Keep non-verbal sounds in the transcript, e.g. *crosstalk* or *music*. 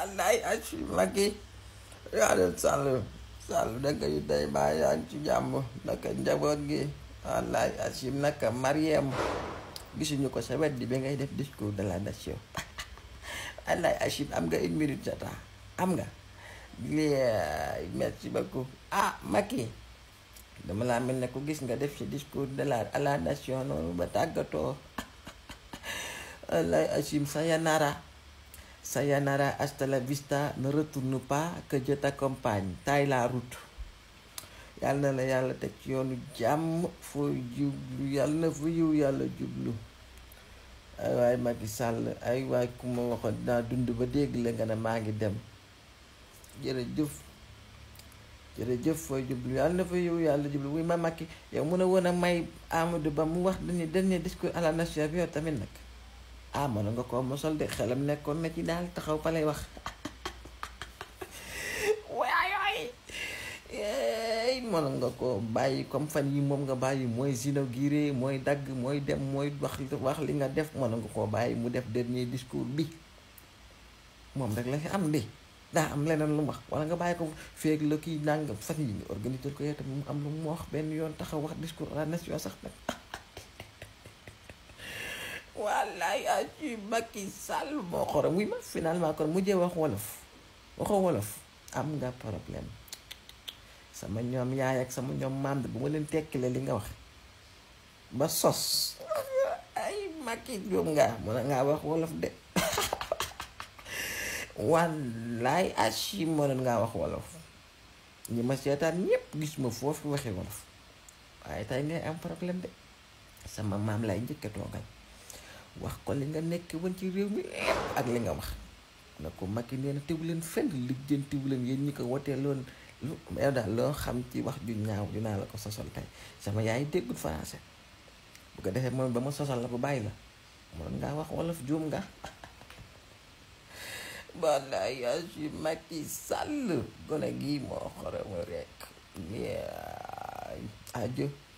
Allah yaa ngi ci Macky yaa njaboot gi Allah yaa ci naka gisuñu ko sa wet bi ngay def discours de la nation Allah yaa ci am nga une minute sa temps am nga lii merci beaucoup ah Macky dama laa mel ne ku gis nga def ci discours de la à nation noonu ba tàggatoo *laughs* Allah yaa sa yanara sa hasta la vista, ne retourne pas, que Dieu t'accompagne, taille na la yàlla teg ci yoonu jàmm foo jublu yàlla na yàlla jublu ay waay Macky Sall ay waay dund ba dégg la maa ngi dem jërëjëf jërëjëf foo jublu yàlla na fa yiw yàlla jublu muy ma Macky yow mun a woon a may Amadou Ba mu wax dañuy dernier discours à la nation yow tamit nag ah mënoon nga koo mosal de xelam nekkoon nag yi daal taxaw fa lay wax *laughs* waay mënoon nga koo bàyyi comme fan yi moom nga bàyyi mooy zino giré mooy dagg mooy dem mooy wax wax li nga def mënoon nga koo bàyyi mu def dernier discours bi moom rek la fi am de daa am leneen lu mu wax wala nga bàyyi ko feeg la kii nangam fan yi ñu organiser ko yow tamit mu am lu mu wax benn yoon taxaw wax discours à la nation sax nag wallaay aji Macky Sall moo xorom oui ma finalement kon mujjee wax wolof waxoo wolof am nga problème sama ñoom yaay ak sama ñoom mànd bu ma leen tekkile li nga wax ba sos ay Macky jóom nga mun a ngaa wax wolof de *laughs* wallaay aji mënoon ngaa wax wolof ñi ma seetaan ñépp gis ma foofu waxi wolof waaye tey ngay am problème de sama maam lay njëkka toogal wax ko li nga nekk woon ci réew mi ak li nga wax na ko mag nee na tegu leen fenn lijjantiwu leen yéen ñi ko wotee loon lu daal loo xam ci wax ju ñaaw dinaa la ko sosal tey sama yaay déggul français bu ko defee moom ba ma sosal la bu bàyyi la mënoon ngaa wax wolof juum nga balaa *laughs* yaa si Macky Sall gone gii moo xoromu rek ajo